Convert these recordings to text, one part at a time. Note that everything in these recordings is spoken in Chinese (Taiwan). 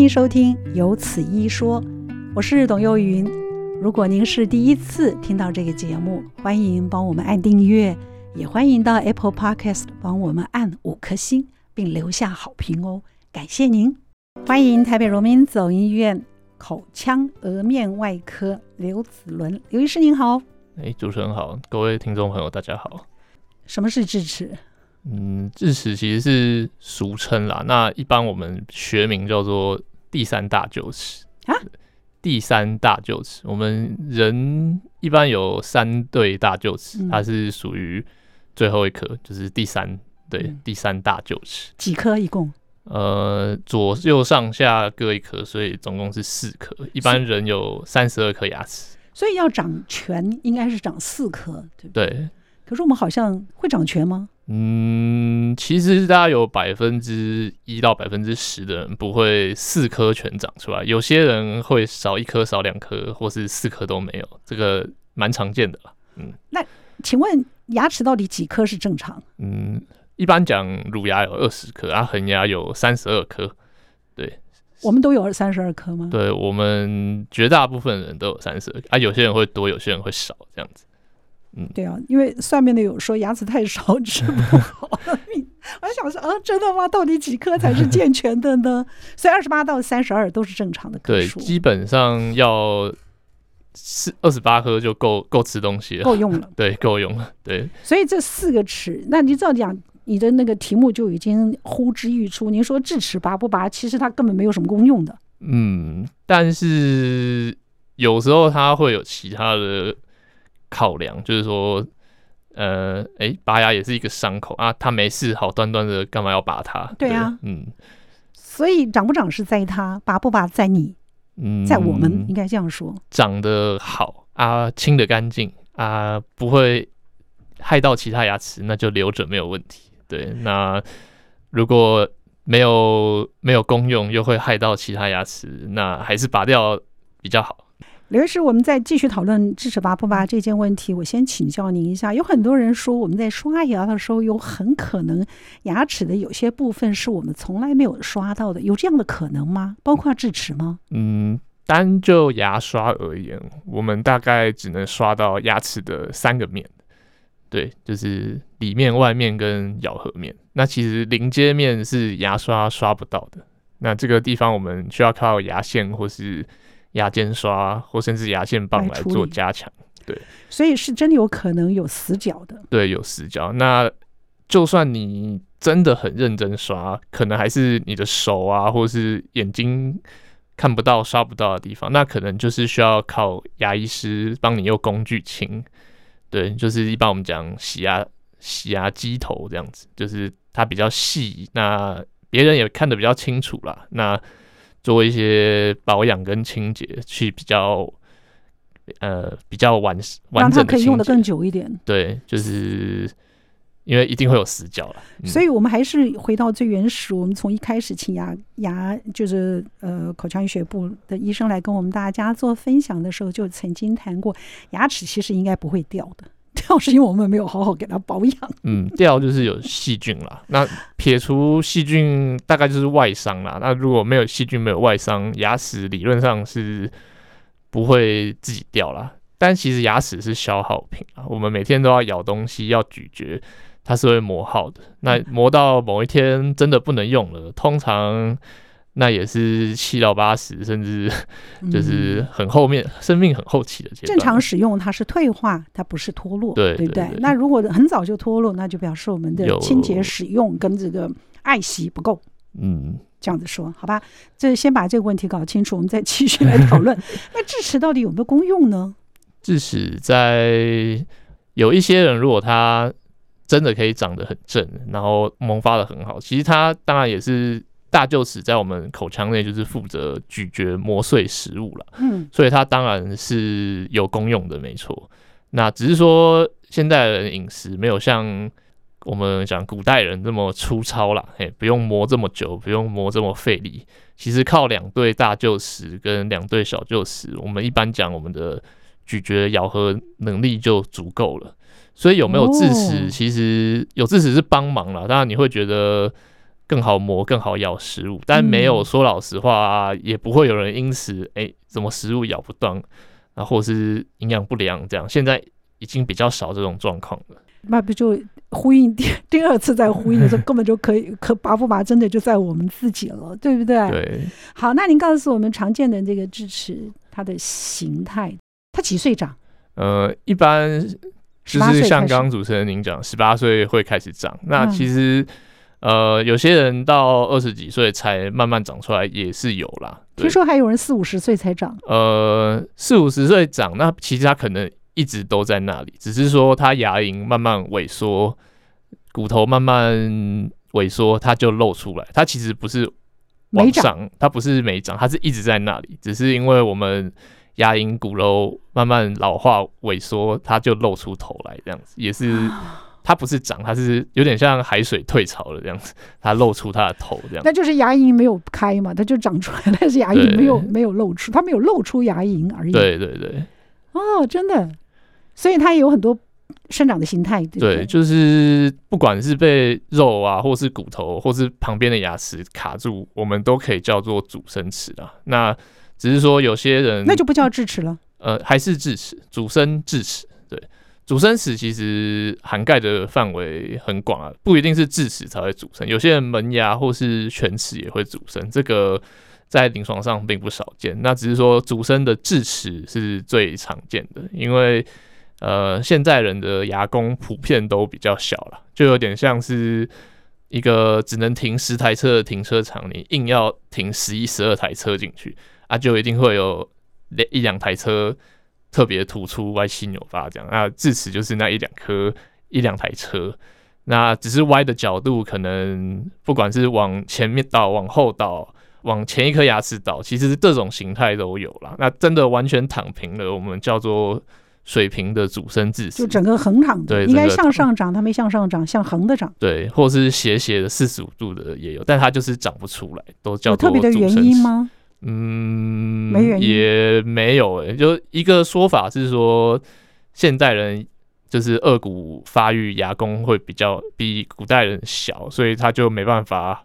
歡迎收聽《有此一說》，我是董又云。如果您是第一次聽到這個節目，歡迎幫我們按訂閱，也歡迎到 Apple Podcast 幫我們按五顆星並留下好評哦，感謝您！歡迎台北榮民總醫院口腔顎面外科劉子倫劉醫師您好，哎、欸，主持人好，各位聽眾朋友大家好。什麼是智齒？嗯，智齒其實是俗稱啦，那一般我們學名叫做。第三大臼齒啊，第三大臼齒。我們人一般有三對大臼齒，它是屬於最後一顆，就是第三對、嗯、第三大臼齒。幾顆一共？呃，左右上下各一顆，所以總共是四顆。一般人有三十二顆牙齒，所以要長全應該是長四顆，對不對？對。可是我們好像會長全嗎？嗯，其實大概有百分之一到百分之十的人不會四顆全長出來，有些人會少一顆、少兩顆，或是四顆都沒有，這個蠻常見的，嗯。那請問牙齒到底幾顆是正常？嗯，一般講乳牙有二十顆，啊，恆牙有三十二顆。對，我們都有三十二顆嗎？對，我們絕大部分人都有三十二，啊，有些人會多，有些人會少，這樣子。嗯，對啊，因為算命的有說牙齒太少吃不好的命， 我想說，啊，真的嗎？到底幾顆才是健全的呢？所以二十八到三十二都是正常的顆數。對，基本上要是二十八顆就夠夠吃東西了，夠用了。 對，夠用了。對，所以這四個齒，那你知道講你的那個題目就已經呼之欲出。您說智齒拔不拔？其實它根本沒有什麼功用的。嗯，但是有時候它會有其他的。考量，就是說，呃，誒、欸、拔牙也是一個傷口啊，他沒事，好端端的，幹嘛要拔它？對呀、啊，嗯，所以長不長是在他，拔不拔在你，嗯，在我們應該這樣說，長得好啊，清得乾淨啊，不會害到其他牙齒，那就留着沒有問題。對，那如果沒有沒有功用，又會害到其他牙齒，那還是拔掉比較好。劉醫師，我們再繼續討論智齒拔不拔這件問題。我先請教您一下，有很多人說我們在刷牙的時候，有很可能牙齒的有些部分是我們從來沒有刷到的，有這樣的可能嗎？包括智齒嗎？嗯，單就牙刷而言，我們大概只能刷到牙齒的三個面，對，就是裡面、外面跟咬合面。那其實鄰接面是牙刷刷不到的，那這個地方我們需要靠牙線或是。牙間刷或甚至牙線棒來做加強，對，所以是真有可能有死角的。對，有死角。那就算你真的很認真刷，可能還是你的手啊，或是眼睛看不到刷不到的地方，那可能就是需要靠牙醫師幫你用工具清。對，就是一般我們講洗牙洗牙機頭這樣子，就是它比較細，那別人也看得比較清楚啦。那做一些保養跟清潔，去比較呃比較完完整，讓它可以用得更久一點。對，就是因為一定會有死角了、嗯，所以我們還是回到最原始。我們從一開始請牙牙，就是呃口腔醫學部的醫生來跟我們大家做分享的時候，就曾經談過，牙齒其實應該不會掉的。掉 是因為我們沒有好好給它保養，嗯，掉就是有細菌啦。 那撇除細菌，大概就是外傷啦。那如果沒有細菌，沒有外傷，牙齒理論上是不會自己掉啦。但其實牙齒是消耗品啊，我們每天都要咬東西，要咀嚼，它是會磨耗的。那磨到某一天真的不能用了，通常。那也是七到八十，甚至就是很後面，嗯、生命很後期的階段。正常使用它是退化，它不是脫落對對對，對對對。那如果很早就脫落，那就表示我們的清潔使用跟這個愛惜不夠。嗯，這樣子說好吧，這先把這個問題搞清楚，我們再繼續來討論。 那智齒到底有沒有功用呢？智齒在有一些人，如果他真的可以長得很正，然後萌發得很好，其實他當然也是。大臼齒在我們口腔內，就是負責咀嚼磨碎食物了，嗯，所以它當然是有功用的，沒錯。那只是說現代人飲食沒有像我們講古代人這麼粗糙了，哎，不用磨這麼久，不用磨這麼費力。其實靠兩對大臼齒跟兩對小臼齒，我們一般講我們的咀嚼咬合能力就足夠了。所以有沒有智齒，哦，其實有智齒是幫忙了，當然你會覺得。更好磨，更好咬食物，但沒有說老實話、啊嗯，也不會有人因此哎、欸，怎麼食物咬不斷啊？或是營養不良這樣，現在已經比較少這種狀況了。那不就呼應第第二次再呼應的時候， 根本就可以可拔不拔，真的就在我們自己了， 對不對？對。好，那您告訴我們常見的這個智齒，它的形態，它幾歲長？呃，一般就是像剛剛主持人您講，十八歲會開始長。嗯、那其實。呃，有些人到二十幾歲才慢慢長出來，也是有啦。聽說還有人四五十歲才長。呃，四五十歲長，那其實他可能一直都在那裡，只是說他牙齦慢慢萎縮，骨頭慢慢萎縮，它就露出來。它其實不是，往他不是沒長，它不是沒長，它是一直在那裡，只是因為我們牙齦骨頭慢慢老化萎縮，它就露出頭來這樣子，也是，啊。它不是長，它是有點像海水退潮的這樣子，它露出它的頭這樣子。 那就是牙齦沒有開嘛，它就長出來，但是牙齦沒有對對對沒有露出，它沒有露出牙齦而已。對對對，哦，真的，所以它也有很多生長的形態。對，就是不管是被肉啊，或是骨頭，或是旁邊的牙齒卡住，我們都可以叫做阻生齒啊。那只是說有些人那就不叫智齒了，呃，還是智齒，阻生智齒，對。阻生齒其實涵蓋的範圍很廣啊，不一定是智齒才會阻生，有些人門牙或是犬齒也會阻生，這個在臨床上並不少見。那只是說阻生的智齒是最常見的，因為呃，現在人的牙弓普遍都比較小了，就有點像是一個只能停十台車的停車場，你硬要停十一、十二台車進去啊，就一定會有一兩台車。特別突出，歪七扭八這樣，那智齒就是那一兩顆一兩台車，那只是歪的角度，可能不管是往前面倒、往後倒、往前一顆牙齒倒，其實各種形態都有啦。那真的完全躺平的，我們叫做水平的阻生智齒，就整個橫躺，對，應該向上長，它沒向上長，向橫的長，對，或是斜斜的四十五度的也有，但它就是長不出來，都叫做阻生齒，有特別的原因嗎？嗯，也沒有誒、欸，就一個說法是說，現代人就是顎骨發育牙弓會比較比古代人小，所以他就沒辦法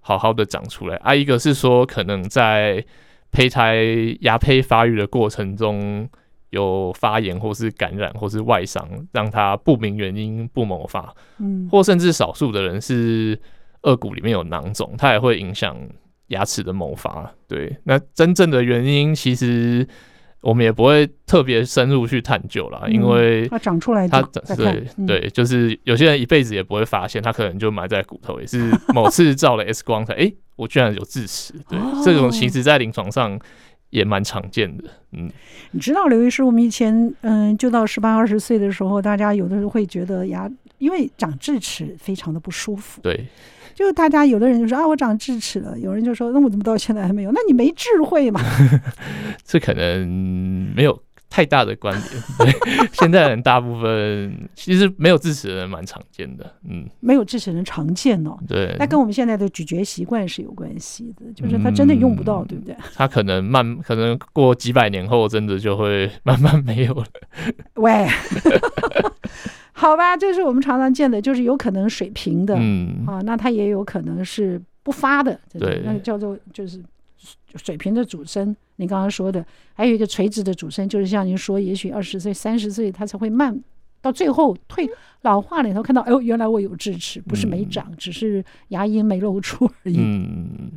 好好的長出來啊。一個是說可能在胚胎牙胚發育的過程中有發炎或是感染或是外傷，讓他不明原因不萌發、嗯，或甚至少數的人是顎骨裡面有囊腫，它也會影響。牙齒的萌發，對，那真正的原因其實我們也不會特別深入去探究啦，嗯、因為它長出來，它對這、嗯、對，就是有些人一輩子也不會發現，他可能就埋在骨頭，也是某次照了 X 光才，哎、 欸，我居然有智齒，對、哦。這種其實在臨床上也蠻常見的，嗯，你知道劉醫師，我們以前，嗯，就到十八二十歲的時候，大家有的時候會覺得牙。因為長智齒非常的不舒服，對，就是大家有的人就說，啊我長智齒了，有人就說，那我怎麼到現在還沒有？那你沒智慧嘛？這 可能沒有太大的關聯。對 現在人大部分其實沒有智齒的人蠻常見的，嗯，沒有智齒人常見哦，對，那跟我們現在的咀嚼習慣是有關係的，就是他真的用不到、嗯，對不對？他可能慢，可能過幾百年後真的就會慢慢沒有了。喂。 好吧，這是我們常常見的，就是有可能水平的，嗯、啊，那它也有可能是不發的，就是，對，那個叫做就是水平的阻生。你剛剛說的，還有一個垂直的阻生，就是像您說，也許二十歲、三十歲，它才會慢，到最後退老化了，以後看到，哎呦，原來我有智齒，不是沒長，嗯，只是牙齦沒露出而已。嗯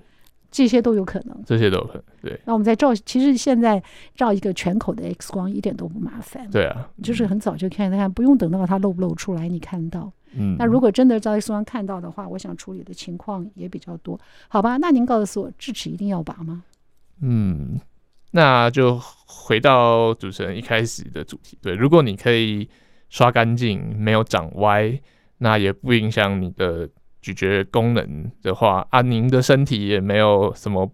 這些都有可能，這些都有可能。對，那我們再照，其實現在照一個全口的 X 光一點都不麻煩。對啊，就是很早就看，看不用等到它露不露出來，你看到。嗯，那如果真的照 X 光看到的話，我想處理的情況也比較多，好吧？那您告訴我，智齒一定要拔嗎？嗯，那就回到主持人一開始的主題。對，如果你可以刷乾淨，沒有長歪，那也不影響你的。咀嚼功能的話，啊，您的身體也沒有什麼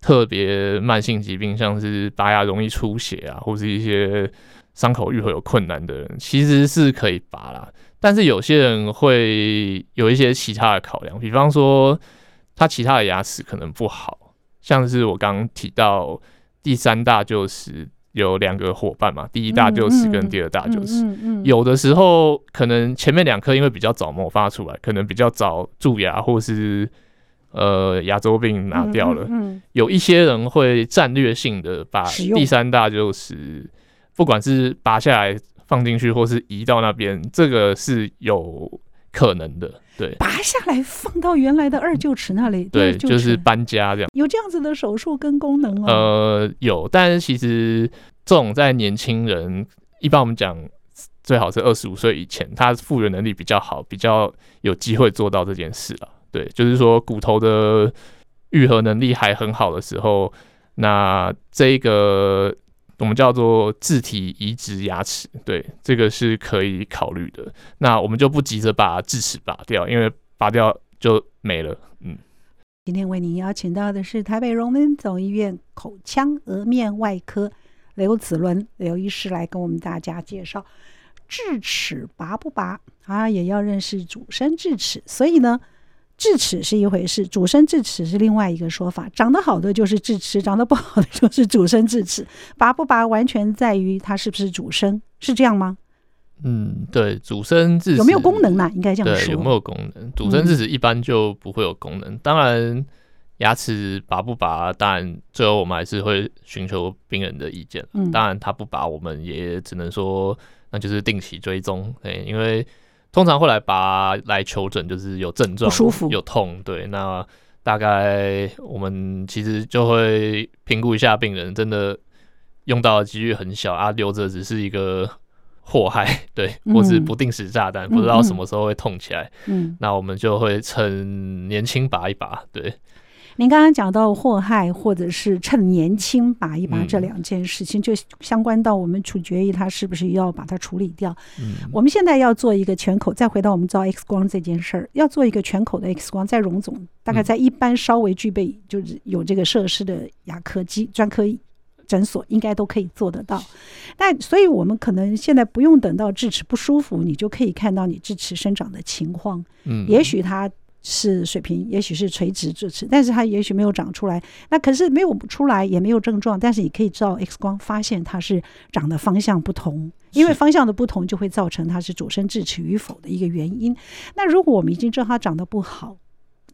特別慢性疾病，像是拔牙容易出血啊，或是一些傷口愈合有困難的人，其實是可以拔啦，但是有些人會有一些其他的考量，比方說他其他的牙齒可能不好，像是我剛剛提到第三大就是。有兩個夥伴嘛，第一大臼齒跟第二大臼齒，嗯嗯嗯嗯，有的時候可能前面兩顆因為比較早萌發出來，可能比較早蛀牙或是呃牙周病拿掉了，嗯嗯嗯，有一些人會戰略性的把第三大臼齒，不管是拔下來放進去或是移到那邊，這個是有可能的。對，拔下來放到原來的二臼齒那裡，對，對，就是搬家這樣。有這樣子的手術跟功能嗎、哦？呃，有，但其實這種在年輕人，一般我們講最好是二十五歲以前，他復原能力比較好，比較有機會做到這件事了、啊。對，就是說骨頭的愈合能力還很好的時候，那這個。我們叫做自體移植牙齒，對，這個是可以考慮的。那我們就不急着把智齒拔掉，因為拔掉就沒了。嗯，今天為您邀請到的是台北榮民總醫院口腔頜面外科劉子綸劉醫師來跟我們大家介紹智齒拔不拔啊，也要認識阻生智齒，所以呢。智齒是一回事，阻生智齒是另外一個說法。長得好的就是智齒，長得不好的就是阻生智齒。拔不拔完全在於它是不是阻生，是這樣嗎？嗯，對，阻生智齒有沒有功能呢、啊？應該這樣說。對，有沒有功能？阻生智齒一般就不會有功能。嗯、當然，牙齒拔不拔，但最後我們還是會尋求病人的意見。嗯，當然他不拔，我們也只能說那就是定期追蹤。哎，因為。通常會來拔來求診，就是有症狀不舒服，有痛。對，那大概我們其實就會評估一下病人，真的用到的幾率很小啊，留着只是一個禍害，對，或是不定時炸彈，嗯，不知道什麼時候會痛起來。嗯，嗯，那我們就會趁年輕拔一拔，對。您剛剛講到禍害，或者是趁年輕拔一拔這兩件事情，嗯、就相關到我們處決於它是不是要把它處理掉、嗯。我們現在要做一個全口，再回到我們造 X 光這件事兒，要做一個全口的 X 光，在榮總大概在一般稍微具備、嗯、就是有這個設施的牙科及專科診所應該都可以做得到。但所以我們可能現在不用等到智齒不舒服，你就可以看到你智齒生長的情況。嗯，也許它。是水平，也許是垂直智齒，但是它也許沒有長出來。那可是沒有出來，也沒有症狀，但是你可以照 X 光發現它是長的方向不同，因為方向的不同就會造成它是阻生智齒與否的一個原因。那如果我們已經知道它長得不好，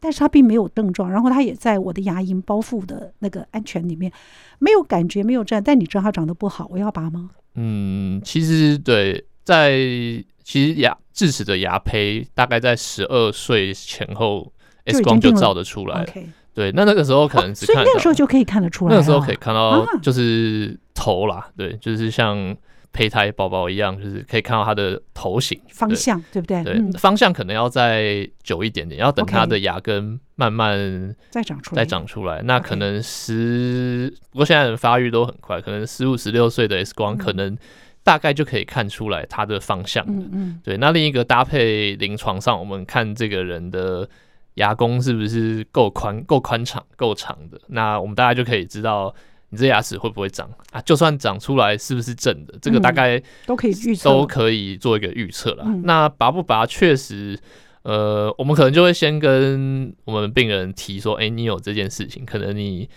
但是它並沒有症狀，然後它也在我的牙齦包覆的那個安全裡面，沒有感覺，沒有症狀。但你知道它長得不好，我要拔嗎？嗯，其實對，在。其實牙智齒的牙胚大概在十二歲前後，X 光就照得出來。對，那那個時候可能只看到、哦。所以那個時候就可以看得出來、啊。那個時候可以看到，就是頭啦、啊，對，就是像胚胎寶寶一樣，就是可以看到它的頭型方向，對不對？對、嗯，方向可能要再久一點點，要等它的牙根慢慢再長出來，再長出來。那可能十、okay.，不過現在人發育都很快，可能十五、十六歲的 X 光可能、嗯。大概就可以看出來它的方向了。嗯，嗯對。那另一個搭配，臨床上我們看這個人的牙弓是不是夠寬、夠寬敞、夠長的，那我們大概就可以知道你這牙齒會不會長啊？就算長出來，是不是正的？這個大概、嗯、都可以預測都可以做一個預測了。那拔不拔，確實，呃，我們可能就會先跟我們病人提說，哎、欸，你有這件事情，可能你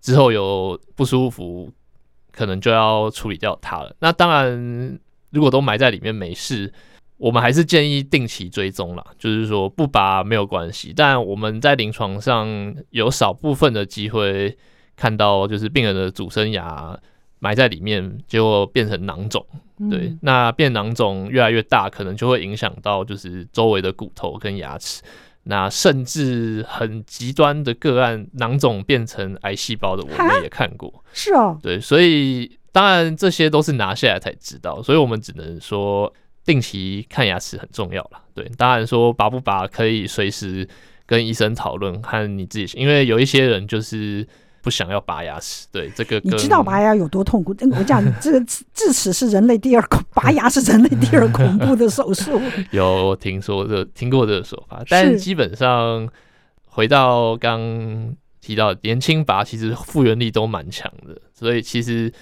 之後有不舒服。可能就要處理掉它了。那當然，如果都埋在裡面沒事，我們還是建議定期追蹤啦。就是說不拔沒有關係，但我們在臨床上有少部分的機會看到，就是病人的阻生牙埋在裡面，結果變成囊腫、嗯。對，那變囊腫越來越大，可能就會影響到就是周圍的骨頭跟牙齒。那甚至很極端的個案，囊腫變成癌細胞的，我們也看過。啊，是哦，對，所以當然這些都是拿下來才知道，所以我們只能說定期看牙齒很重要了。對，當然說拔不拔可以隨時跟醫生討論，看你自己，因為有一些人就是。不想要拔牙齒，對這個你知道拔牙有多痛苦？但我講，這個智齒是人類第二恐， 拔牙是人類第二恐怖的手術。 有聽說這聽過這個說法，但是基本上回到剛提到，年輕拔其實復原力都蠻強的，所以其實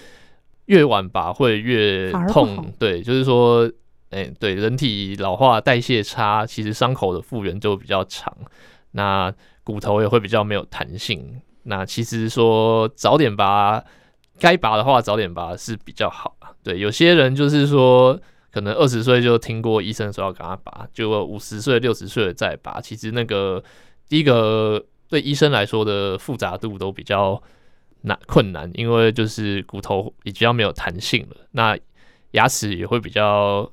越晚拔會越痛。對，就是說，哎、欸，對人體老化代謝差，其實傷口的復原就比較長，那骨頭也會比較沒有彈性。那其實說早點拔，該拔的話早點拔是比較好，對，有些人就是說，可能二十歲就聽過醫生說要給他拔，就五十歲、六十歲再拔。其實那個第一個對醫生來說的複雜度都比較難困難，因為就是骨頭已經沒有彈性了，那牙齒也會比較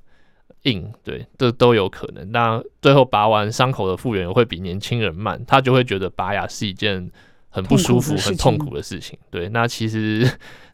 硬，對，這都有可能。那最後拔完傷口的復原也會比年輕人慢，他就會覺得拔牙是一件。很不舒服，很痛苦的事情。對，那其實，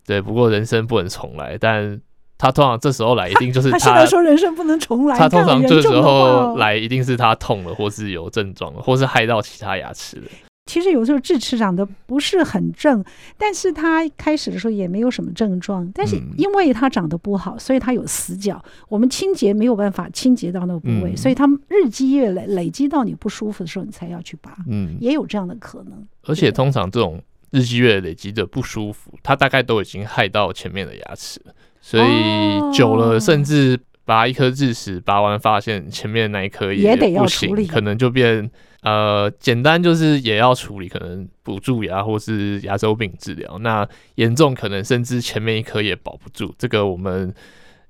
對，不過人生不能重來。但他通常這時候來，一定就是他。他他是說人生不能重來，重他通常這時候來，一定是他痛了，或是有症狀，或是害到其他牙齒了。其實有時候智齒長得不是很正，但是它開始的時候也沒有什麼症狀，但是因為它長得不好，嗯，所以它有死角，我們清潔沒有辦法清潔到那個部位，嗯，所以它日積月累累積到你不舒服的時候，你才要去拔，嗯，也有這樣的可能。而且通常這種日積月累積的不舒服，它大概都已經害到前面的牙齒了，所以久了甚至拔一顆智齒拔完，發現前面那一顆也，也得要處理，可能就變。呃，簡單就是也要處理，可能補蛀牙或是牙周病治療。那嚴重可能甚至前面一顆也保不住，這個我們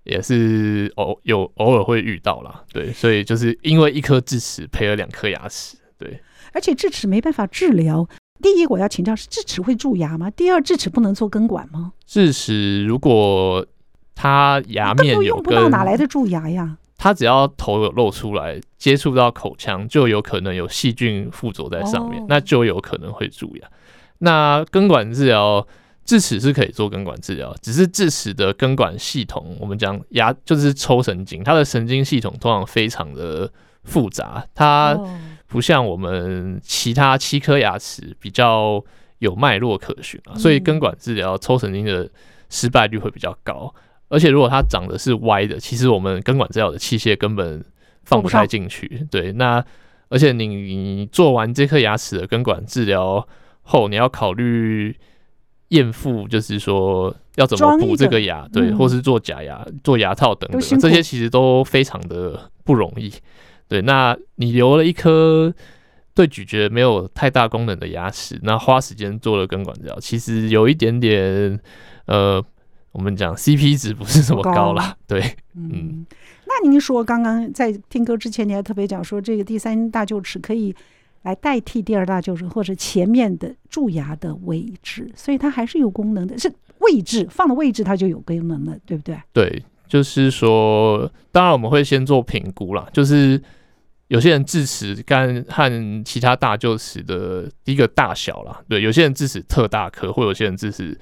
也是偶有偶爾會遇到啦。對，所以就是因為一顆智齒賠了兩顆牙齒。對，而且智齒沒辦法治療。第一，我要請教是智齒會蛀牙嗎？第二，智齒不能做根管嗎？智齒如果它牙面有都用不到，哪來的蛀牙呀？它只要頭有露出來。接觸到口腔就有可能有細菌附着在上面，oh. 那就有可能會蛀牙、啊。那根管治療智齒是可以做根管治療，只是智齒的根管系統，我們講牙就是抽神經，它的神經系統通常非常的複雜，它不像我們其他七顆牙齒比較有脈絡可循、啊，oh. 所以根管治療抽神經的失敗率會比較高。而且如果它長得是歪的，其實我們根管治療的器械根本放不太進去，對。那而且你，你做完這顆牙齒的根管治療後，你要考慮贗復，就是說要怎麼補這個牙，對，或是做假牙，嗯、做牙套等等對這些其實都非常的不容易。對，嗯、對，那你留了一顆對咀嚼沒有太大功能的牙齒，那花時間做了根管治療，其實有一點點呃，我們講 CP 值不是這麼高啦高，啊，對，嗯。嗯那您說，剛剛在聽歌之前，你還特別講說，這個第三大臼齒可以來代替第二大臼齒或者前面的蛀牙的位置，所以它還是有功能的，是位置放的位置，它就有功能了，對不對？對，就是說，當然我們會先做評估啦，就是有些人智齒跟其他大臼齒的一個大小啦，對，有些人智齒特大顆，或有些人智齒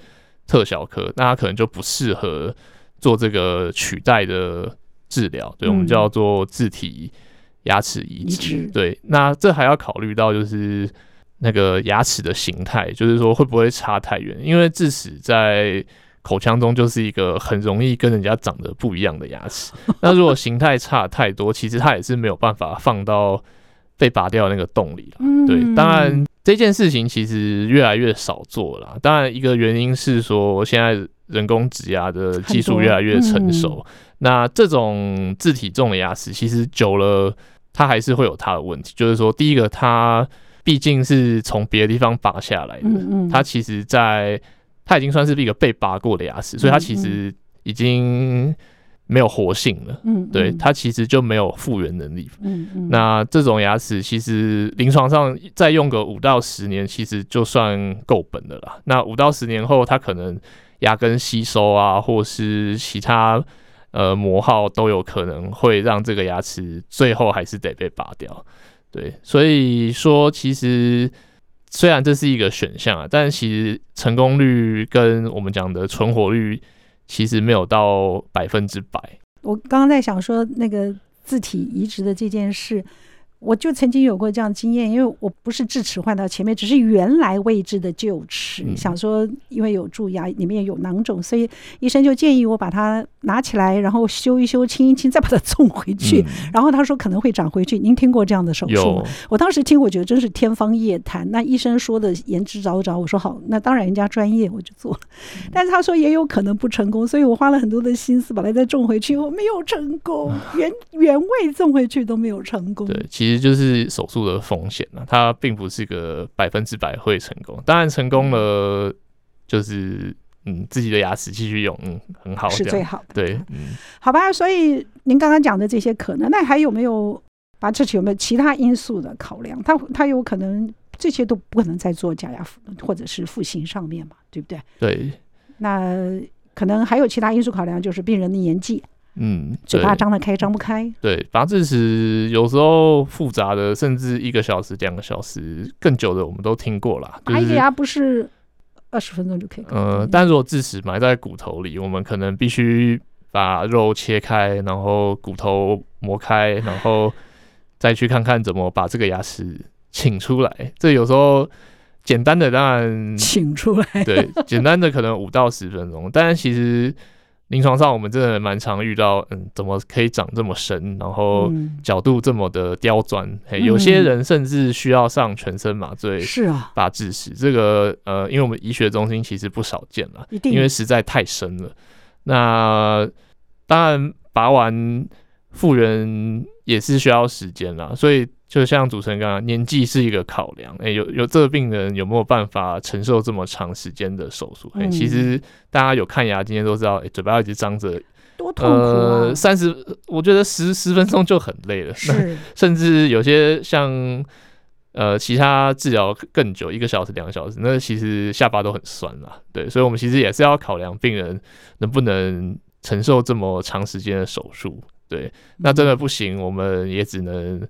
特小顆，那他可能就不適合做這個取代的。治療，對，我們叫做自體牙齒移植、嗯。對，那這還要考慮到就是那個牙齒的形態，就是說會不會差太遠，因為智齒在口腔中就是一個很容易跟人家長得不一樣的牙齒。那 如果形態差太多，其實它也是沒有辦法放到被拔掉的那個洞裡啦、嗯、對，當然這件事情其實越來越少做了啦。當然一個原因是說現在人工植牙的技術越來越成熟。那這種自體種的牙齒，其實久了，它還是會有它的問題。就是說，第一個，它畢竟是從別的地方拔下來的，它其實在，它已經算是一個被拔過的牙齒，所以它其實已經沒有活性了。對，它其實就沒有復原能力。那這種牙齒，其實臨床上再用個五到十年，其實就算夠本的了。那五到十年後，它可能牙根吸收啊，或是其他。呃，磨耗都有可能會讓這個牙齒最後還是得被拔掉，對，所以說其實雖然這是一個選項啊，但其實成功率跟我們講的存活率其實沒有到百分之百。我剛剛在想說那個自體移植的這件事。我就曾經有過這樣經驗，因為我不是智齒換到前面，只是原來位置的臼齒、嗯。想說，因為有蛀牙、啊，裡面有囊腫，所以醫生就建議我把它拿起來，然後修一修、清一清，再把它種回去。嗯、然後他說可能會長回去。您聽過這樣的手術嗎？有。我當時聽，我覺得真是天方夜譚。那醫生說的言之鑿鑿，我說好。那當然人家專業，我就做了。但是他說也有可能不成功，所以我花了很多的心思把它再種回去。我沒有成功，原原位種回去都沒有成功。啊其實就是手術的風險啊，它並不是個百分之百會成功。當然成功了，就是嗯，自己的牙齒繼續用，嗯，很好，是最好的。對，嗯，好吧。所以您剛剛講的這些可能，那還有沒有？把這些有沒有其他因素的考量？它它有可能這些都不可能在做假牙或者是復形上面嘛，對不對？對。那可能還有其他因素考量，就是病人的年紀。嗯，嘴巴張得開，張不開。對，拔智齒有時候複雜的，甚至一個小時、兩個小時更久的，我們都聽過啦，拔一個牙不是二十分鐘就可以？嗯、呃，但如果智齒埋在骨頭裡，我們可能必須把肉切開，然後骨頭磨開，然後再去看看怎麼把這個牙齒請出來。這有時候簡單的當然請出來，對， 簡單的可能五到十分鐘，但是其實。臨床上，我們真的蠻常遇到，嗯，怎麼可以長這麼深，然後角度這麼的刁鑽，嗯、hey, 有些人甚至需要上全身麻醉、嗯、是啊拔智齒，這個呃，因為我們醫學中心其實不少見了，因為實在太深了。那當然，拔完復原也是需要時間啦，所以。就像主持人剛剛，年紀是一個考量，欸、有有這個病人有沒有辦法承受這麼長時間的手術、嗯欸？其實大家有看牙今天都知道，欸、嘴巴一直張着，多痛苦啊、三十，呃、30, 我覺得十十分鐘就很累了。是，甚至有些像呃其他治療更久，一個小時、兩個小時，那其實下巴都很酸了。對，所以我們其實也是要考量病人能不能承受這麼長時間的手術。對，那真的不行，嗯、我們也只能。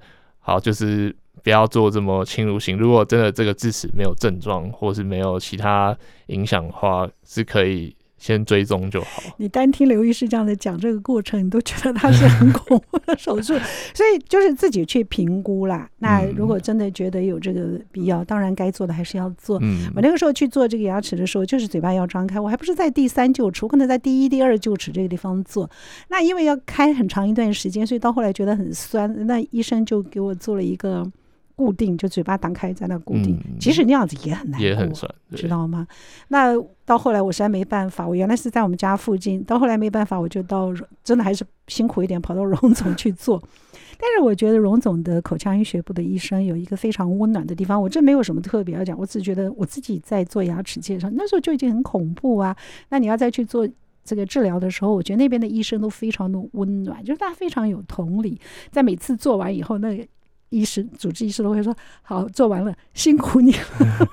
好，就是不要做這麼侵入性。如果真的這個智齒沒有症狀，或是沒有其他影響的話，是可以。先追蹤就好。你單聽劉醫師這樣的講這個過程，你都覺得他是很恐怖的手術， 所以就是自己去評估啦。那如果真的覺得有這個必要，嗯，當然該做的還是要做。嗯。我那個時候去做這個牙齒的時候，就是嘴巴要張開，我還不是在第三臼齒，我可能在第一、第二臼齒這個地方做。那因為要開很長一段時間，所以到後來覺得很酸。那醫生就給我做了一個。固定就嘴巴張開在那固定，其、嗯、實，那樣子也很難，也很酸，知道嗎？那到後來我實在沒辦法，我原來是在我們家附近，到後來沒辦法，我就到真的還是辛苦一點跑到榮總去做。 但是我覺得榮總的口腔醫學部的醫生有一個非常溫暖的地方，我真沒有什麼特別要講，我只覺得我自己在做牙齒介紹那時候就已經很恐怖啊。那你要再去做這個治療的時候，我覺得那邊的醫生都非常的溫暖，就是他非常有同理，在每次做完以後那。醫生、主治醫師都會說：“好，做完了，辛苦你了，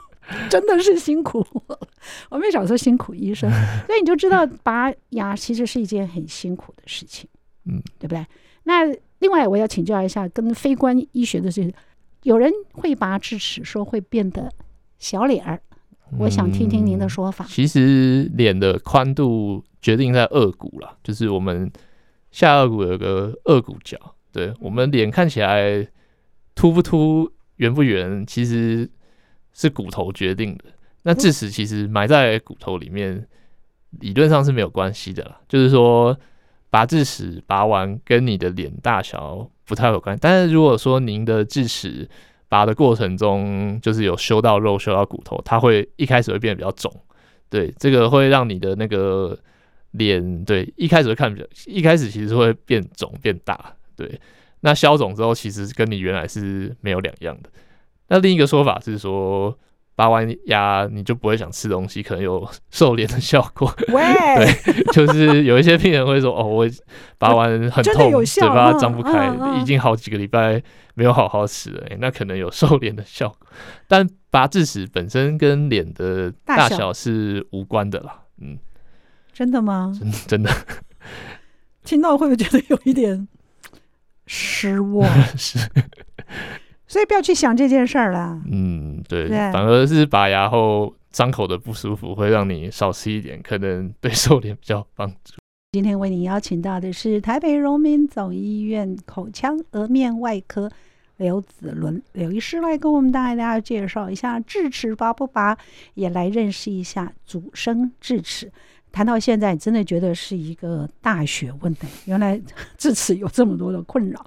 真的是辛苦。”我沒少說辛苦醫生， 所以你就知道拔牙其實是一件很辛苦的事情，嗯，對不對？那另外，我要請教一下，跟非關醫學的事情，有人會拔智齒，說會變得小臉兒、嗯，我想聽聽您的說法。其實，臉的寬度決定在顎骨了，就是我們下顎骨有個顎骨角，對我們臉看起來。凸不凸、圓不圓，其實是骨頭決定的。那智齒其實埋在骨頭裡面，嗯、理論上是沒有關係的啦。就是說，拔智齒拔完跟你的臉大小不太有關。但是如果說您的智齒拔的過程中，就是有修到肉、修到骨頭，它會一開始會變得比較腫。對，這個會讓你的那個臉，對，一開始會看比較，一開始其實會變腫變大。對。那消腫之後，其實跟你原來是沒有兩樣的。那另一個說法是說，拔完牙你就不會想吃東西，可能有瘦臉的效果。餵？對，就是有一些病人會說：“ 哦，我拔完很痛，嘴巴張不開、嗯，已經好幾個禮拜沒有好好吃了、欸。嗯”了那可能有瘦臉的效果。但拔智齒本身跟臉的大小是無關的啦。嗯，真的嗎？真的？真的，聽到會不會覺得有一點、嗯？失望？是， 所以不要去想這件事兒了。嗯，對，對，反而是拔牙後張口的不舒服會讓你少吃一點，可能對瘦臉比較幫助。今天為您邀請到的是台北榮民總醫院口腔頜面外科劉子倫劉醫師，來跟我們大家介紹一下智齒拔不拔，也來認識一下阻生智齒。談到現在，真的覺得是一個大學問的。原來智齒有這麼多的困擾，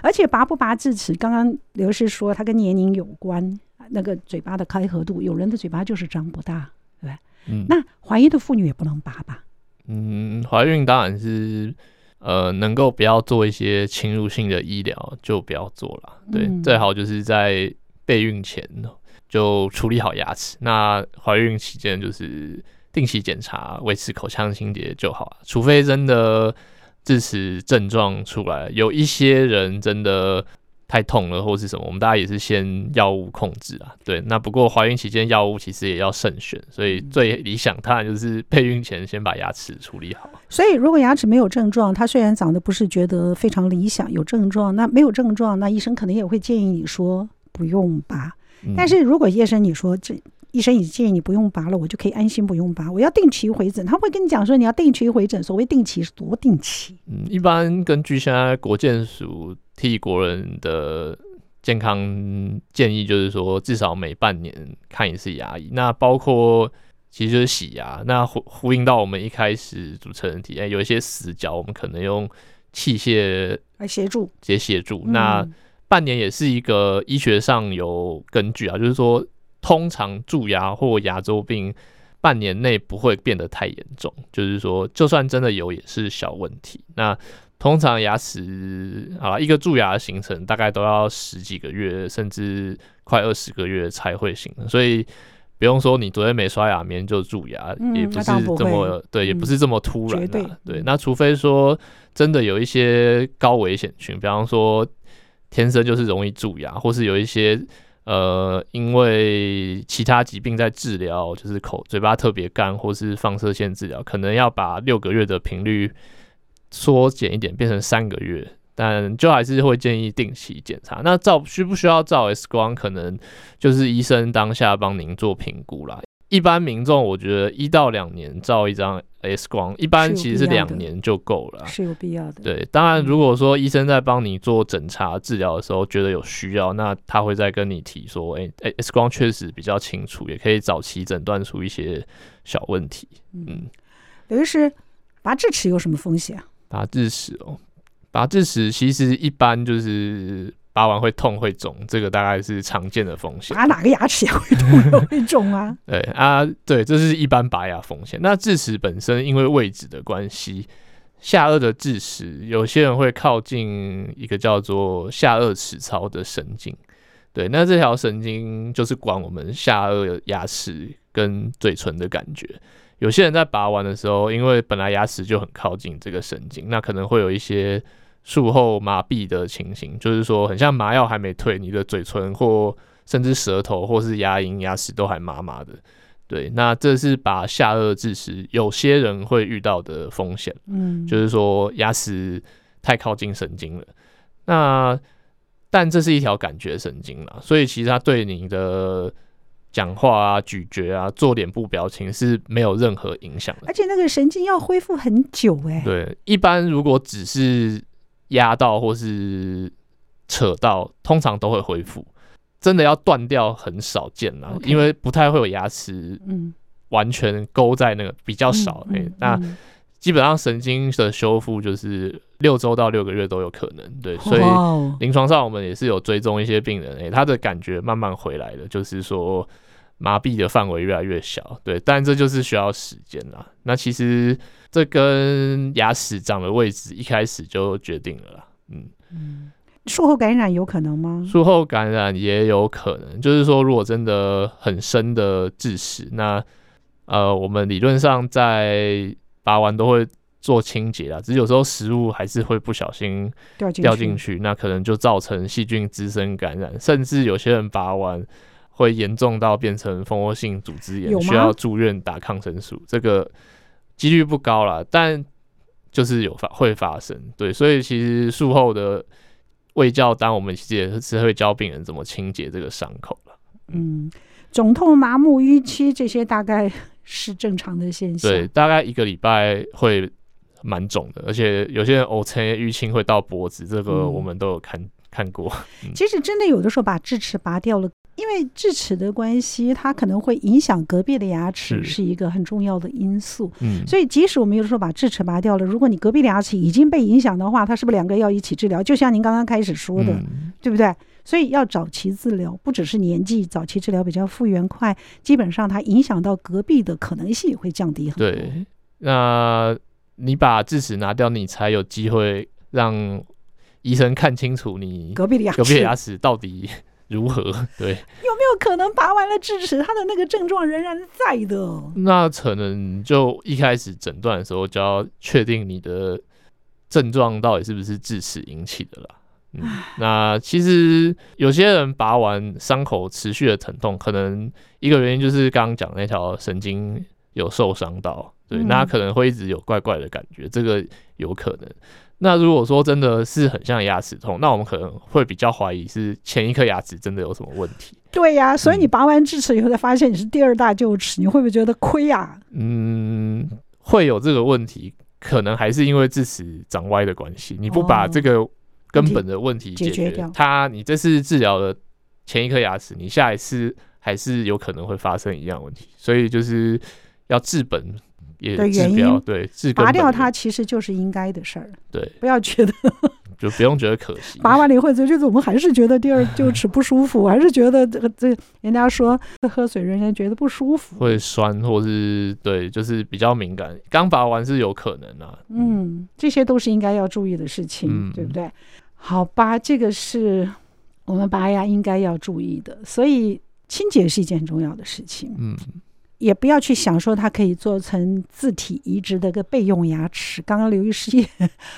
而且拔不拔智齒，剛剛劉醫師說它跟年齡有關，那個嘴巴的開合度，有人的嘴巴就是張不大，對吧？嗯，那懷孕的婦女也不能拔吧？嗯，懷孕當然是呃，能夠不要做一些侵入性的醫療就不要做了，對、嗯，最好就是在備孕前就處理好牙齒。那懷孕期間就是。定期檢查，維持口腔清潔就好。除非真的智齒症狀出來，有一些人真的太痛了，或是什麼，我們大家也是先藥物控制啊。對，那不過懷孕期間藥物其實也要慎選，所以最理想當然就是備孕前先把牙齒處理好。所以如果牙齒沒有症狀，它雖然長得不是覺得非常理想，有症狀，那沒有症狀，那醫生可能也會建議你說不用拔。但是如果葉生你說這。醫生已經建議你不用拔了，我就可以安心不用拔。我要定期回診，他會跟你講說你要定期回診。所謂定期是多定期？嗯，一般根據現在國健署替國人的健康建議，就是說至少每半年看一次牙醫。那包括其實就是洗牙。那呼呼應到我們一開始主持人提，哎，有一些死角，我們可能用器械來協助，直接協助。那半年也是一個醫學上有根據啊，嗯，就是說。通常蛀牙或牙周病半年內不會變得太嚴重，就是說，就算真的有也是小問題。那通常牙齒啊，一個蛀牙的形成大概都要十幾個月，甚至快二十個月才會形成，所以不用說你昨天沒刷牙，明天就蛀牙，也不是這麼對，也不是這麼突然的。對，那除非說真的有一些高危險群，比方說天生就是容易蛀牙，或是有一些。呃，因為其他疾病在治療，就是口嘴巴特別乾，或是放射線治療，可能要把六個月的頻率縮減一點，變成三個月，但就還是會建議定期檢查。那照，需不需要照 X 光，可能就是醫生當下幫您做評估啦。一般民眾，我覺得一到兩年照一張 X 光，一般其實是兩年就夠了，是有必要的。對，當然如果說醫生在幫你做診查、治療的時候覺得有需要、嗯，那他會再跟你提說，哎、欸、，欸、X 光確實比較清楚，嗯、也可以早期診斷出一些小問題。嗯，嗯等於是拔智齒有什麼風險啊？拔智齒哦，拔智齒其實一般就是。拔完會痛會腫，這個大概是常見的風險。啊，哪個牙齒也會痛會腫啊？ 對啊，對，這是一般拔牙風險。那智齒本身因為位置的關係，下顎的智齒，有些人會靠近一個叫做下顎齒槽的神經。對，那這條神經就是管我們下顎牙齒跟嘴唇的感覺。有些人在拔完的時候，因為本來牙齒就很靠近這個神經，那可能會有一些。術後麻痹的情形，就是說很像麻藥還沒退，你的嘴唇或甚至舌頭或是牙齦、牙齒都還麻麻的。對，那這是把下顎智齒有些人會遇到的風險。嗯，就是說牙齒太靠近神經了。那但這是一條感覺神經啦，所以其實它對你的講話啊、咀嚼啊、做臉部表情是沒有任何影響的。而且那個神經要恢復很久哎、欸。對，一般如果只是壓到或是扯到，通常都會恢復。真的要斷掉很少見啦，Okay. 因為不太會有牙齒、嗯、完全勾在那個，比較少嗯嗯嗯、欸。那基本上神經的修復就是六週到六個月都有可能。對，Wow. 所以臨床上我們也是有追蹤一些病人、欸，他的感覺慢慢回來的，就是說麻痹的範圍越來越小。對，但這就是需要時間啦。那其實。這跟牙齒長的位置一開始就決定了啦，嗯，嗯，術後感染有可能嗎？術後感染也有可能，就是說如果真的很深的智齒，那呃，我們理論上在拔完都會做清潔啊，只是有時候食物還是會不小心掉進掉進去，那可能就造成細菌滋生感染，甚至有些人拔完會嚴重到變成蜂窩性組織炎，需要住院打抗生素。這個。幾率不高了，但就是有發會發生，對，所以其實術後的衛教，當我們其實也是會教病人怎麼清潔這個傷口了。嗯、腫、嗯、痛、麻木、淤青這些大概是正常的現象。對，大概一個禮拜會蠻腫的，而且有些人偶成淤青會到脖子，這個我們都有看、嗯、看過、嗯。其實真的有的時候把智齒拔掉了，因為智齒的關係，它可能會影響隔壁的牙齒，是一個很重要的因素。嗯，所以即使我們有的時候把智齒拔掉了，如果你隔壁的牙齒已經被影響的話，它是不是兩個要一起治療？就像您剛剛開始說的，嗯，對不對？所以要早期治療，不只是年紀，早期治療比較復原快，基本上它影響到隔壁的可能性也會降低很多。對，那你把智齒拿掉，你才有機會讓醫生看清楚你隔壁的牙齒，隔壁的牙齒到底。 如何？對，有沒有可能拔完了智齒，他的那個症狀仍然在的？那可能就一開始診斷的時候就要確定你的症狀到底是不是智齒引起的啦。嗯，那其實有些人拔完傷口持續的疼痛，可能一個原因就是剛剛講那條神經有受傷到，嗯，對，那可能會一直有怪怪的感覺，這個有可能。那如果說真的是很像牙齒痛，那我們可能會比較懷疑是前一顆牙齒真的有什麼問題。對呀、啊，所以你拔完智齒以後，才發現你是第二大臼齒，你會不會覺得虧呀、啊？嗯，會有這個問題，可能還是因為智齒長歪的關係。你不把這個根本的問題解決，哦，解決掉，它你這次治療了前一顆牙齒，你下一次還是有可能會發生一樣問題，所以就是要治本。對，原因對，拔掉它其實就是應該的事兒。對，不要覺得，就不用覺得可惜。 拔完以後，就是我們還是覺得第二臼齒不舒服，唉唉還是覺得這個這人家說喝水，人家覺得不舒服，會酸，或是對，就是比較敏感。剛拔完是有可能的，啊嗯。嗯，這些都是應該要注意的事情、嗯，對不對？好吧，這個是我們拔牙應該要注意的，所以清潔是一件很重要的事情。嗯。也不要去想說它可以做成自體移植的個備用牙齒。剛剛劉醫師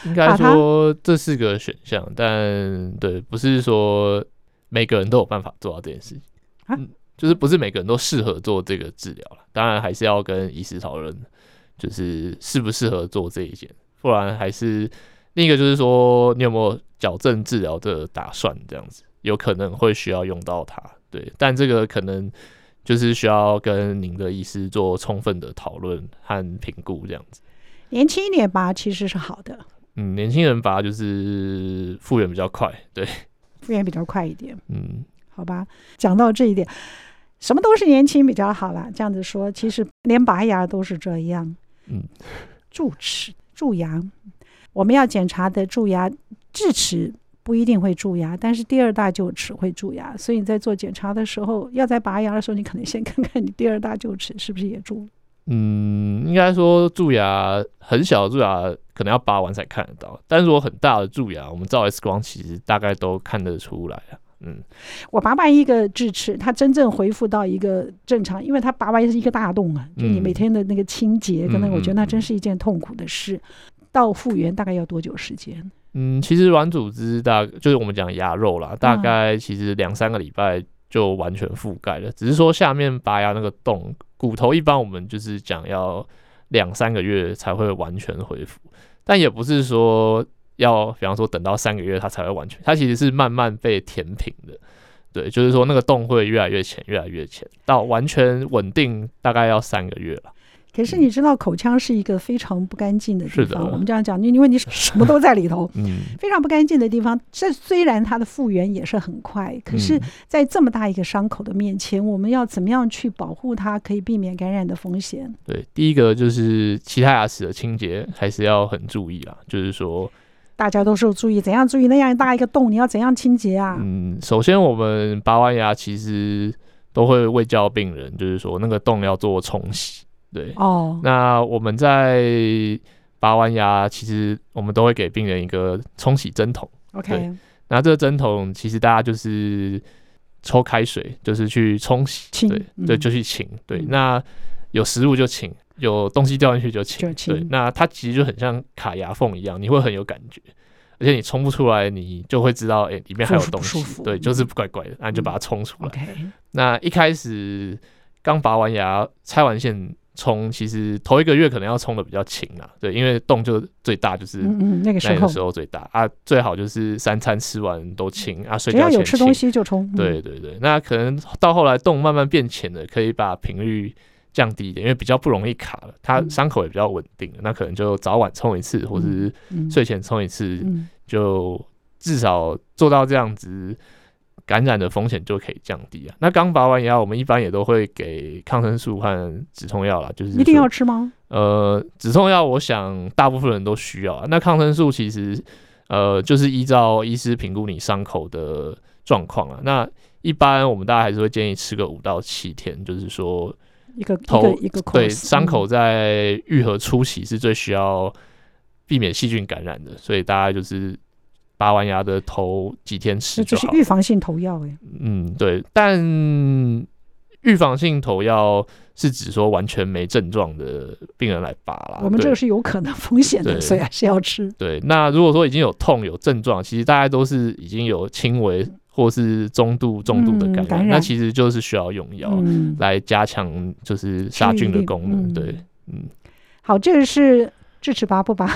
應該說這是個選項、啊，但對，不是說每個人都有辦法做到這件事情、啊嗯，就是不是每個人都適合做這個治療，當然還是要跟醫師討論，就是適不適合做這一件，不然還是另一個就是說你有沒有矯正治療的打算？這樣子有可能會需要用到它。對，但這個可能。就是需要跟您的醫師做充分的討論和評估，這樣子。年輕一點拔其實是好的。嗯，年輕人拔就是復原比較快，對，復原比較快一點。嗯，好吧，講到這一點，什麼都是年輕比較好啦。這樣子說，其實連拔牙都是這樣。嗯，蛀齒、蛀牙，我們要檢查的蛀牙、智齒。不一定會蛀牙，但是第二大臼齒會蛀牙，所以你在做檢查的時候，要在拔牙的時候，你可能先看看你第二大臼齒是不是也蛀。嗯，應該說蛀牙很小的蛀牙可能要拔完才看得到，但是我很大的蛀牙，我們照 X 光其實大概都看得出來啊。嗯，我拔完一個智齒，它真正恢復到一個正常，因為它拔完是一個大洞啊、嗯，就你每天的那個清潔、嗯，可能我覺得那真是一件痛苦的事。嗯、到復原大概要多久時間？嗯，其實軟組織大就是我們講牙肉啦，大概其實兩三個禮拜就完全覆蓋了，嗯。只是說下面拔牙那個洞，骨頭一般我們就是講要兩三個月才會完全恢復，但也不是說要，比方說等到三個月它才會完全，它其實是慢慢被填平的。對，就是說那個洞會越來越淺，越來越淺，到完全穩定大概要三個月啦。可是你知道，口腔是一個非常不乾淨的地方。是的。我們這樣講，你因為你什麼都在裡頭， 嗯、非常不乾淨的地方。這雖然它的復原也是很快，可是，在這麼大一個傷口的面前，嗯，我們要怎麼樣去保護它，可以避免感染的風險？對，第一個就是其他牙齒的清潔還是要很注意啦，啊嗯。就是說，大家都是要注意怎樣注意？那樣大一個洞，你要怎樣清潔啊？嗯，首先我們拔完牙，其實都會衛教病人，就是說那個洞要做沖洗。對哦，oh. 那我們在拔完牙，其實我們都會給病人一個沖洗針筒。OK，那這個針筒其實大家就是抽開水，就是去沖洗，清對、嗯、對就去清。對、嗯，那有食物就清，有東西掉進去就清、嗯、就清。對，那它其實就很像卡牙縫一樣，你會很有感覺，而且你沖不出來，你就會知道哎、欸、裡面還有東西，對，就是怪怪的，那、嗯、你、啊、就把它沖出來。嗯 okay. 那一開始剛拔完牙，拆完線。沖其實頭一個月可能要沖得比較勤啊，對，因為洞就最大，就是那個時候最大、嗯那個、啊，最好就是三餐吃完都勤啊，睡覺前。只要有吃東西就沖。對對對、嗯，那可能到後來洞慢慢變淺了，可以把頻率降低一點，因為比較不容易卡了，它傷口也比較穩定、嗯，那可能就早晚沖一次，或者是睡前沖一次、嗯，就至少做到這樣子。感染的風險就可以降低啊。那剛拔完牙，我們一般也都會給抗生素和止痛藥了，就是一定要吃嗎？呃，止痛藥我想大部分人都需要啊。那抗生素其實，呃，就是依照醫師評估你傷口的狀況啊。那一般我們大家還是會建議吃個五到七天，就是說一個頭，一個，一個 course, 對、嗯、傷口在癒合初期是最需要避免細菌感染的，所以大家就是。拔完牙的頭幾天吃就，就是預防性投藥哎、欸。嗯，對，但預防性投藥是指說，完全沒症狀的病人來拔啦。我們這個是有可能風險的，所以還是要吃。對，那如果說已經有痛、有症狀，其實大家都是已經有輕微或是中度、重度的感染、嗯，那其實就是需要用藥來加強就是殺菌的功能、嗯。對，嗯。好，這個是智齒拔不拔？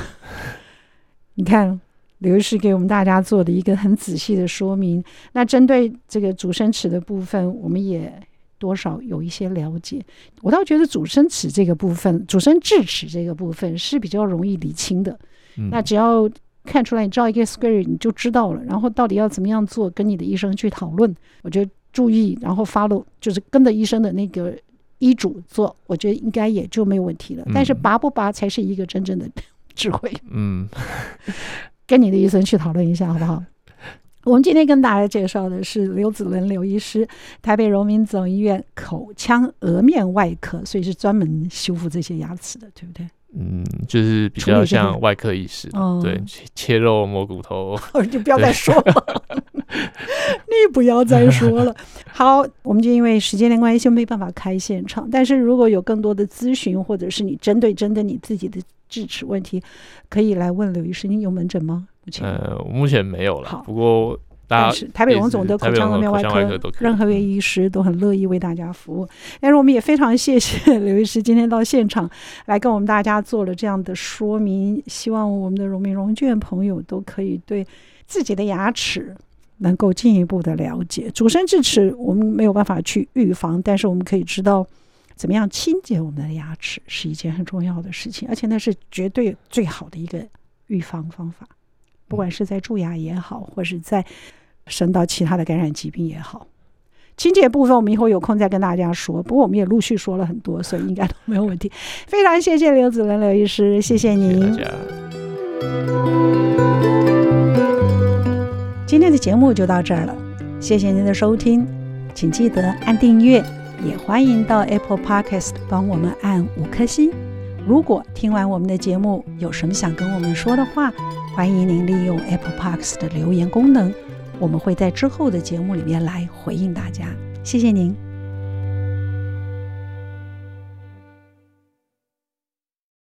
你看。劉醫師給我們大家做的一個很仔細的說明。那針對這個阻生齒的部分，我們也多少有一些了解。我倒覺得阻生齒這個部分，阻生智齒這個部分是比較容易理清的。嗯、那只要看出來，你照一個 query，你就知道了。然後到底要怎麼樣做，跟你的醫生去討論。我覺得注意，然後 follow，就是跟着醫生的那個醫囑做，我覺得應該也就沒有問題了、嗯。但是拔不拔才是一個真正的智慧。嗯。嗯跟你的醫生去討論一下好不好？ 我們今天跟大家介紹的是劉子倫劉醫師，台北榮民總醫院口腔頜面外科，所以是專門修復這些牙齒的，對不對？嗯，就是比較像外科醫師，這個嗯，對，切肉磨骨頭，就 不要再說了， 你不要再說了。好，我們就因為時間的關係，就沒辦法開現場。但是如果有更多的諮詢，或者是你針對針對你自己的智齒問題，可以來問劉醫師。你有門診嗎？目前呃，目前沒有了，不過。但是台北榮總的口腔頜面外科任何一位醫師都很樂意為大家服務。嗯。但是我們也非常謝謝劉醫師今天到現場來跟我們大家做了這樣的說明。希望我們的榮民榮眷朋友都可以對自己的牙齒能夠進一步的了解。阻生智齒我們沒有辦法去預防，但是我們可以知道怎麼樣清潔我們的牙齒是一件很重要的事情，而且那是絕對最好的一個預防方法。不管是在蛀牙也好，或是在升到其他的感染疾病也好，清潔部分我們以後有空再跟大家說。不過我們也陸續說了很多，所以應該都沒有問題。非常謝謝劉子任、劉醫師，謝謝您謝謝。今天的節目就到這兒了，謝謝您的收聽，請記得按訂閱，也歡迎到 Apple Podcast 幫我們按五顆星。如果聽完我們的節目有什麼想跟我們說的話，歡迎您利用 Apple Parks 的留言功能。我們會在之後的節目裡面來回應大家，謝謝您。